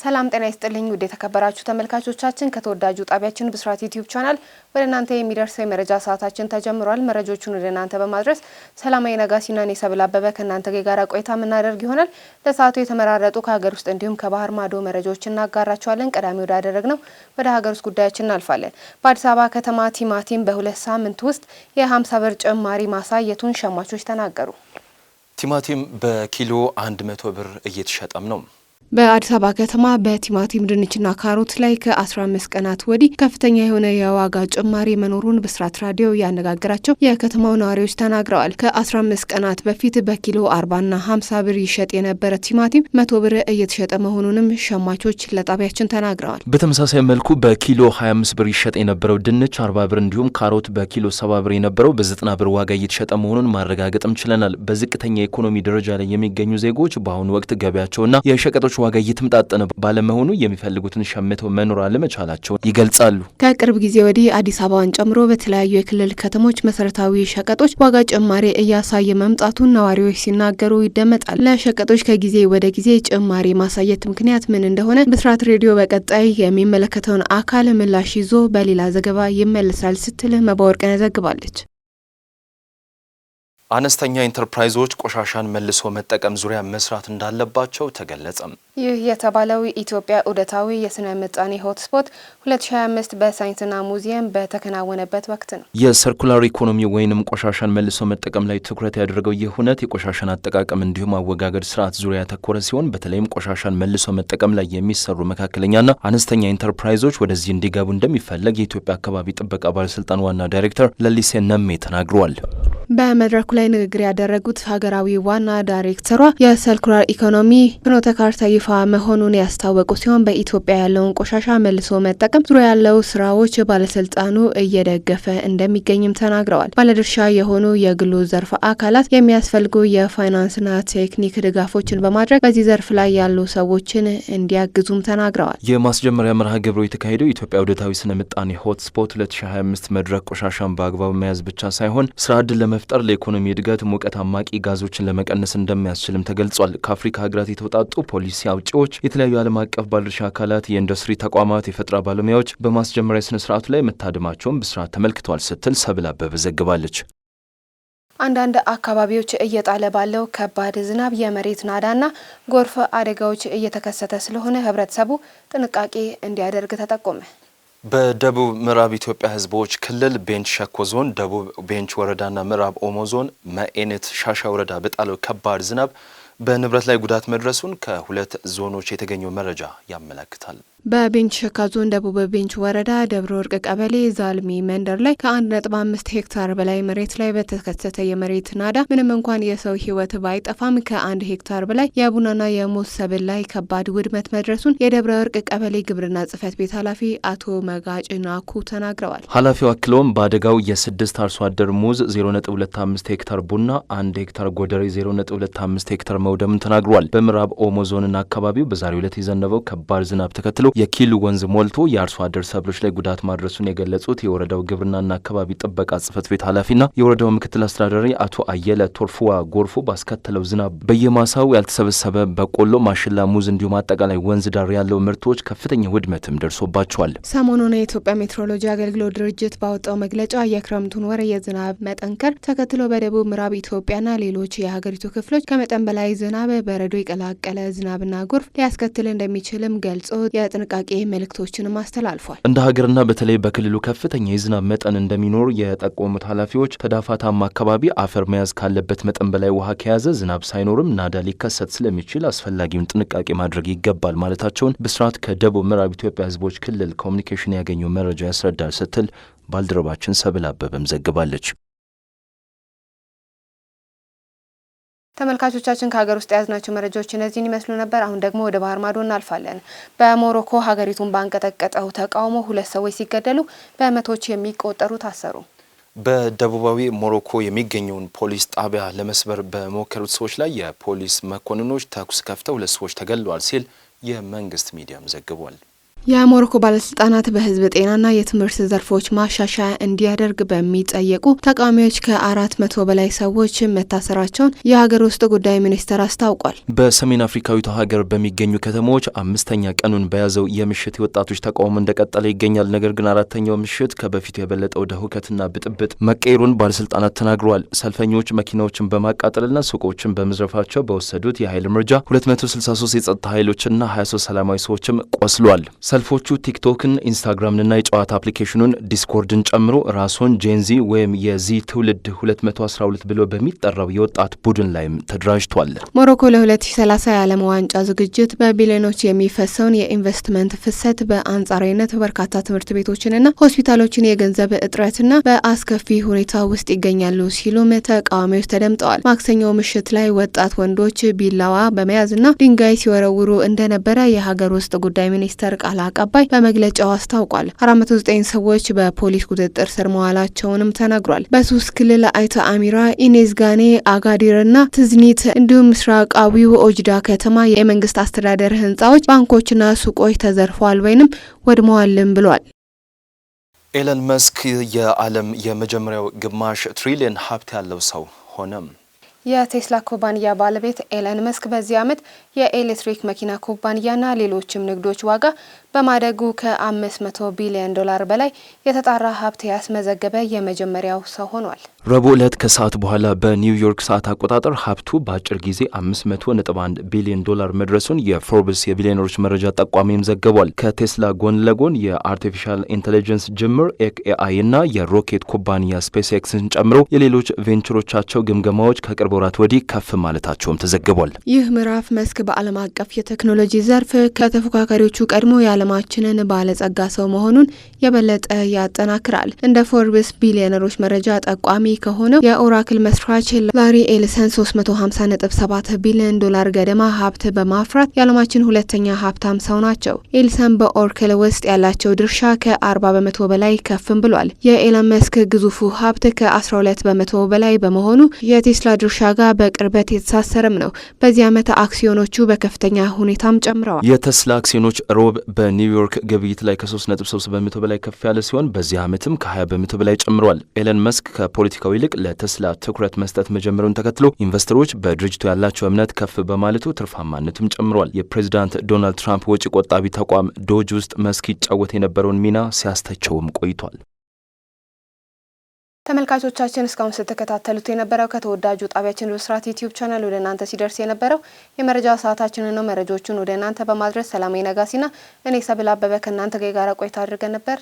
ሰላም ጤና ይስጥልኝ ውድ የተከበራችሁ ተመልካቾቻችን፣ ከተወዳጁ ጣቢያችን ብስራት ዩቲዩብ ቻናል ወደ እናንተ የሚደርሰው የመረጃ ሰዓታችን ተጀምሯል። መረጆቹን ወደ እናንተ በማድረስ ሰላማዊ ነጋሲና እኔ ሰብል አበበ ከእናንተ ጋር ቆይታ የምናደርግ ይሆናል። ለሰዓቱ የተመራረጡ ከሀገር ውስጥ እንዲሁም ከባህር ማዶ መረጃዎች እናጋራቸዋለን። ቀዳሚ ወዳደረግ ነው ወደ ሀገር ውስጥ ጉዳያችን እናልፋለን። በአዲስ አበባ ከተማ ቲማቲም በሁለት ሳምንት ውስጥ የሀምሳ ብር ጭማሪ ማሳየቱን ሸማቾች ተናገሩ። ቲማቲም በኪሎ አንድ መቶ ብር እየተሸጠም ነው። በአዲስ አበባ ከተማ በቲማቲም ድንችና ካሮት ላይ ከ15 ቀናት ወዲህ ከፍተኛ የሆነ የዋጋ ጭማሪ መኖሩን ብስራት ራዲዮ ያነጋገራቸው የከተማው ነዋሪዎች ተናግረዋል። ከ15 ቀናት በፊት በኪሎ 40ና 50 ብር ይሸጥ የነበረ ቲማቲም መቶ ብር እየተሸጠ መሆኑንም ሸማቾች ለጣቢያችን ተናግረዋል። በተመሳሳይ መልኩ በኪሎ 25 ብር ይሸጥ የነበረው ድንች 40 ብር እንዲሁም ካሮት በኪሎ 70 ብር የነበረው በ90 ብር ዋጋ እየተሸጠ መሆኑን ማረጋገጥም ችለናል። በዝቅተኛ የኢኮኖሚ ደረጃ ላይ የሚገኙ ዜጎች በአሁኑ ወቅት ገበያቸውና የሸቀጦች ከሻጮች ዋጋ እየተመጣጠነ ባለመሆኑ የሚፈልጉትን ሸምተው መኖር አለመቻላቸውን ይገልጻሉ። ከቅርብ ጊዜ ወዲህ አዲስ አበባን ጨምሮ በተለያዩ የክልል ከተሞች መሰረታዊ ሸቀጦች ዋጋ ጭማሪ እያሳየ መምጣቱን ነዋሪዎች ሲናገሩ ይደመጣል። ለሸቀጦች ከጊዜ ወደ ጊዜ ጭማሪ ማሳየት ምክንያት ምን እንደሆነ ብስራት ሬዲዮ በቀጣይ የሚመለከተውን አካል ምላሽ ይዞ በሌላ ዘገባ ይመለሳል ስትል መባወርቅን ዘግባለች። አነስተኛ ኢንተርፕራይዞች ቆሻሻን መልሶ መጠቀም ዙሪያ መስራት እንዳለባቸው ተገለጸም። ይህ የተባለው ኢትዮጵያ ዑደታዊ የስነ ምጣኔ ሆትስፖት 2025 በሳይንስና ሙዚየም በተከናወነበት ወቅት ነው። የሰርኩላር ኢኮኖሚ ወይንም ቆሻሻን መልሶ መጠቀም ላይ ትኩረት ያደረገው ይህ ሁነት የቆሻሻን አጠቃቀም እንዲሁም አወጋገድ ስርዓት ዙሪያ ያተኮረ ሲሆን በተለይም ቆሻሻን መልሶ መጠቀም ላይ የሚሰሩ መካከለኛና አነስተኛ ኢንተርፕራይዞች ወደዚህ እንዲገቡ እንደሚፈለግ የኢትዮጵያ አካባቢ ጥበቃ ባለስልጣን ዋና ዳይሬክተር ለሊሴ ነሜ ተናግረዋል። በመድረኩ ላይ ንግግር ያደረጉት ሀገራዊ ዋና ዳይሬክተሯ የሰርኩላር ኢኮኖሚ ፍኖተ ካርታ ይፋ መሆኑን ያስታወቁ ሲሆን በኢትዮጵያ ያለውን ቆሻሻ መልሶ መጠቀም ዙሪያ ያለው ስራዎች ባለስልጣኑ እየደገፈ እንደሚገኝም ተናግረዋል። ባለድርሻ የሆኑ የግሉ ዘርፍ አካላት የሚያስፈልጉ የፋይናንስና ቴክኒክ ድጋፎችን በማድረግ በዚህ ዘርፍ ላይ ያሉ ሰዎችን እንዲያግዙም ተናግረዋል። የማስጀመሪያ መርሃ ግብሩ የተካሄደው ኢትዮጵያ ውደታዊ ስነ ምጣኔ ሆትስፖት 2025 መድረክ ቆሻሻን በአግባብ መያዝ ብቻ ሳይሆን ስራ ዕድል ለመፍጠር ለኢኮኖሚ የኢኮኖሚ እድገት ሙቀት አማቂ ጋዞችን ለመቀነስ እንደሚያስችልም ተገልጿል። ከአፍሪካ ሀገራት የተውጣጡ ፖሊሲ አውጪዎች፣ የተለያዩ ዓለም አቀፍ ባለድርሻ አካላት፣ የኢንዱስትሪ ተቋማት፣ የፈጠራ ባለሙያዎች በማስጀመሪያ ስነ ስርዓቱ ላይ መታደማቸውን ብስራት ተመልክቷል ስትል ሰብል አበበ ዘግባለች። አንዳንድ አካባቢዎች እየጣለ ባለው ከባድ ዝናብ የመሬት ናዳና ጎርፍ አደጋዎች እየተከሰተ ስለሆነ ህብረተሰቡ ጥንቃቄ እንዲያደርግ ተጠቆመ። በደቡብ ምዕራብ ኢትዮጵያ ህዝቦች ክልል ቤንች ሸኮ ዞን ደቡብ ቤንች ወረዳና ምዕራብ ኦሞ ዞን መኤነት ሻሻ ወረዳ በጣለው ከባድ ዝናብ በንብረት ላይ ጉዳት መድረሱን ከሁለት ዞኖች የተገኘው መረጃ ያመለክታል። በቤንች ሸካ ዞን ደቡብ ቤንች ወረዳ ደብረ ወርቅ ቀበሌ ዛልሚ መንደር ላይ ከ1.5 ሄክታር በላይ መሬት ላይ በተከሰተ የመሬት ናዳ ምንም እንኳን የሰው ሕይወት ባይጠፋም ከአንድ ሄክታር በላይ የቡናና የሙዝ ሰብል ላይ ከባድ ውድመት መድረሱን የደብረ ወርቅ ቀበሌ ግብርና ጽሕፈት ቤት ኃላፊ አቶ መጋጭናኩ ተናግረዋል። ኃላፊው አክለውም በአደጋው የስድስት አርሶ አደር ሙዝ 0.25 ሄክታር ቡና፣ አንድ ሄክታር ጎደሬ 0.25 ሄክታር መውደምን ተናግሯል። በምዕራብ ኦሞ ዞንና አካባቢው በዛሬው ዕለት የዘነበው ከባድ ዝናብ ተከትሎ የኪሉ ወንዝ ሞልቶ የአርሶ አደር ሰብሎች ላይ ጉዳት ማድረሱን የገለጹት የወረዳው ግብርናና አካባቢ ጥበቃ ጽፈት ቤት ኃላፊና የወረዳው ምክትል አስተዳዳሪ አቶ አየለ ቶርፎዋ ጎርፎ ባስከተለው ዝናብ በየማሳው ያልተሰበሰበ በቆሎ፣ ማሽላ፣ ሙዝ እንዲሁም አጠቃላይ ወንዝ ዳር ያለው ምርቶች ከፍተኛ ውድመትም ደርሶባቸዋል። ሰሞኑን የኢትዮጵያ ሜትሮሎጂ አገልግሎት ድርጅት ባወጣው መግለጫ የክረምቱን ወር የዝናብ መጠንከር ተከትሎ በደቡብ ምዕራብ ኢትዮጵያና ሌሎች የሀገሪቱ ክፍሎች ከመጠን በላይ ዝናብ፣ በረዶ የቀላቀለ ዝናብና ጎርፍ ሊያስከትል እንደሚችልም ገልጾ የጥንቃቄ መልእክቶችንም አስተላልፏል። እንደ ሀገርና በተለይ በክልሉ ከፍተኛ የዝናብ መጠን እንደሚኖር የጠቆሙት ኃላፊዎች ተዳፋታማ አካባቢ አፈር መያዝ ካለበት መጠን በላይ ውሃ ከያዘ ዝናብ ሳይኖርም ናዳ ሊከሰት ስለሚችል አስፈላጊውን ጥንቃቄ ማድረግ ይገባል ማለታቸውን ብስራት ከደቡብ ምዕራብ ኢትዮጵያ ህዝቦች ክልል ኮሚኒኬሽን ያገኘው መረጃ ያስረዳል ስትል ባልደረባችን ሰብል አበበም ዘግባለች። ተመልካቾቻችን ከሀገር ውስጥ የያዝናቸው መረጃዎች እነዚህን ይመስሉ ነበር። አሁን ደግሞ ወደ ባህር ማዶ እናልፋለን። በሞሮኮ ሀገሪቱን ባንቀጠቀጠው ተቃውሞ ሁለት ሰዎች ሲገደሉ በመቶዎች የሚቆጠሩ ታሰሩ። በደቡባዊ ሞሮኮ የሚገኘውን ፖሊስ ጣቢያ ለመስበር በሞከሩት ሰዎች ላይ የፖሊስ መኮንኖች ተኩስ ከፍተው ሁለት ሰዎች ተገድለዋል ሲል የመንግስት ሚዲያም ዘግቧል። የሞሮኮ ባለስልጣናት በህዝብ ጤናና የትምህርት ዘርፎች ማሻሻያ እንዲያደርግ በሚጠየቁ ተቃዋሚዎች ከአራት መቶ በላይ ሰዎች መታሰራቸውን የሀገር ውስጥ ጉዳይ ሚኒስቴር አስታውቋል። በሰሜን አፍሪካዊቷ ሀገር በሚገኙ ከተሞች አምስተኛ ቀኑን በያዘው የምሽት የወጣቶች ተቃውሞ እንደቀጠለ ይገኛል። ነገር ግን አራተኛው ምሽት ከበፊቱ የበለጠ ወደ ሁከትና ብጥብጥ መቀየሩን ባለስልጣናት ተናግረዋል። ሰልፈኞች መኪናዎችን በማቃጠልና ሱቆችን በመዝረፋቸው በወሰዱት የኃይል እርምጃ 263 የጸጥታ ኃይሎችና 23 ሰላማዊ ሰዎችም ቆስሏል። ሰልፎቹ ቲክቶክን፣ ኢንስታግራምንና የጨዋታ አፕሊኬሽኑን ዲስኮርድን ጨምሮ ራሱን ጄንዚ ወይም የዚ ትውልድ 212 ብሎ በሚጠራው የወጣት ቡድን ላይም ተደራጅቷል። ሞሮኮ ለ2030 የዓለም ዋንጫ ዝግጅት በቢሊዮኖች የሚፈሰውን የኢንቨስትመንት ፍሰት በአንጻራዊነት በርካታ ትምህርት ቤቶችንና ሆስፒታሎችን የገንዘብ እጥረትና በአስከፊ ሁኔታ ውስጥ ይገኛሉ ሲሉም ተቃዋሚዎች ተደምጠዋል። ማክሰኞ ምሽት ላይ ወጣት ወንዶች ቢላዋ በመያዝና ድንጋይ ሲወረውሩ እንደነበረ የሀገር ውስጥ ጉዳይ ሚኒስተር ቃል አቀባይ በመግለጫው አስታውቋል። 409 ሰዎች በፖሊስ ቁጥጥር ስር መዋላቸውንም ተናግሯል። በሶስት ክልል አይተ አሚራ፣ ኢኔዝ ጋኔ፣ አጋዲርና ትዝኒት እንዲሁም ምስራቃዊው ኦጅዳ ከተማ የመንግስት አስተዳደር ህንጻዎች፣ ባንኮችና ሱቆች ተዘርፈዋል ወይንም ወድመዋልም ብሏል። ኤለን መስክ የዓለም የመጀመሪያው ግማሽ ትሪሊየን ሀብት ያለው ሰው ሆነም። የቴስላ ኩባንያ ባለቤት ኤለን መስክ በዚህ ዓመት የኤሌክትሪክ መኪና ኩባንያና ሌሎችም ንግዶች ዋጋ በማደጉ ከ500 ቢሊዮን ዶላር በላይ የተጣራ ሀብት ያስመዘገበ የመጀመሪያው ሰው ሆኗል። ረቡዕ ዕለት ከሰዓት በኋላ በኒውዮርክ ሰዓት አቆጣጠር ሀብቱ በአጭር ጊዜ 500.1 ቢሊዮን ዶላር መድረሱን የፎርብስ የቢሊዮነሮች መረጃ ጠቋሚም ዘግቧል። ከቴስላ ጎን ለጎን የአርቲፊሻል ኢንቴሊጀንስ ጅምር ኤክኤአይ እና የሮኬት ኩባንያ ስፔስ ኤክስን ጨምሮ የሌሎች ቬንቸሮቻቸው ግምገማዎች ከቅርብ ወራት ወዲህ ከፍ ማለታቸውም ተዘግቧል። ይህ ምዕራፍ መስክ በዓለም አቀፍ የቴክኖሎጂ ዘርፍ ከተፎካካሪዎቹ ቀድሞ የዓለም የዓለማችንን ባለጸጋ ሰው መሆኑን የበለጠ ያጠናክራል። እንደ ፎርብስ ቢሊዮነሮች መረጃ ጠቋሚ ከሆነው የኦራክል መስራች ላሪ ኤልሰን 357 ቢሊዮን ዶላር ገደማ ሀብት በማፍራት የዓለማችን ሁለተኛ ሀብታም ሰው ናቸው። ኤልሰን በኦርክል ውስጥ ያላቸው ድርሻ ከ40 በመቶ በላይ ከፍም ብሏል። የኤለን መስክ ግዙፉ ሀብት ከ12 በመቶ በላይ በመሆኑ የቴስላ ድርሻ ጋር በቅርበት የተሳሰረም ነው። በዚህ ዓመት አክሲዮኖቹ በከፍተኛ ሁኔታም ጨምረዋል። የተስላ አክሲዮኖች ሮብ በ በኒውዮርክ ግብይት ላይ ከ3.7 በመቶ በላይ ከፍ ያለ ሲሆን በዚህ ዓመትም ከ20 በመቶ በላይ ጨምሯል። ኤለን መስክ ከፖለቲካው ይልቅ ለተስላ ትኩረት መስጠት መጀመሩን ተከትሎ ኢንቨስተሮች በድርጅቱ ያላቸው እምነት ከፍ በማለቱ ትርፋማነቱም ጨምሯል። የፕሬዚዳንት ዶናልድ ትራምፕ ወጪ ቆጣቢ ተቋም ዶጅ ውስጥ መስክ ይጫወት የነበረውን ሚና ሲያስተቸውም ቆይቷል። ተመልካቾቻችን እስካሁን ስትከታተሉት የነበረው ከተወዳጁ ጣቢያችን ብስራት ዩቲዩብ ቻናል ወደ እናንተ ሲደርስ የነበረው የመረጃ ሰዓታችን ነው። መረጃዎቹን ወደ እናንተ በማድረስ ሰላማዊ ነጋሲና እኔ ሰብል አበበ ከእናንተ ጋር ቆይታ አድርገን ነበር።